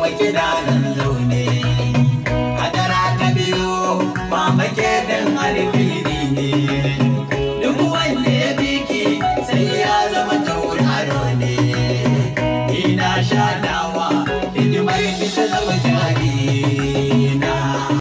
muke nan zaune ta biyu ba make din ne duk wanda ya biki sai ya zama tauraro ne ni na sha dawa hidimar ki ta zama jari